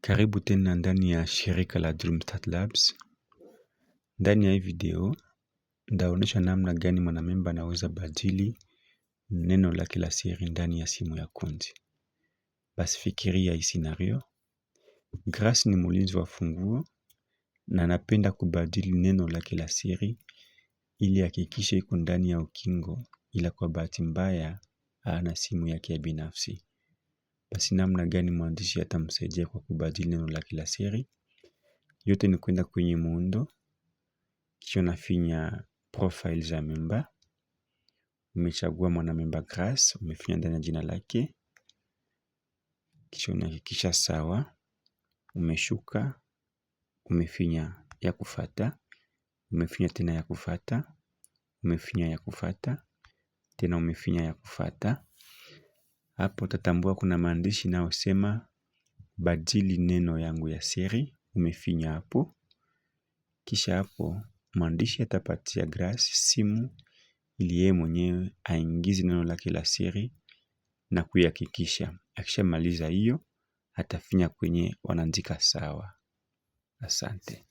Karibu tena ndani ya shirika la DreamStart Labs. Ndani ya hii video, nitaonyesha namna gani mwanamemba anaweza badili neno lake la siri ndani ya simu ya kundi. Basi fikiria hii scenario. Grace ni mlinzi wa funguo na anapenda kubadili neno lake la siri ili hakikishe iko ndani ya ukingo ila kwa bahati mbaya ana simu yake ya binafsi. Basi namna gani mwandishi atamsaidia kwa kubadili neno lake la siri. Yote ni kwenda kwenye muundo. Kisha unafinya profile za memba. Umechagua mwanamemba Grace. Umefinya ndani ya jina lake. Kisha unahakikisha sawa. Umeshuka. Umefinya ya kufata Umefinya tena ya kufata Umefinya ya kufata Tena umefinya ya kufata hapo utatambua kuna maandishi inayosema badili neno yangu ya siri. Umefinya hapo. Kisha hapo mwandishi atapatia Grace simu ili yeye mwenyewe aingize neno lake la siri na kuihakikisha. Akishamaliza hiyo, atafinya kwenye wanaandika sawa. Asante.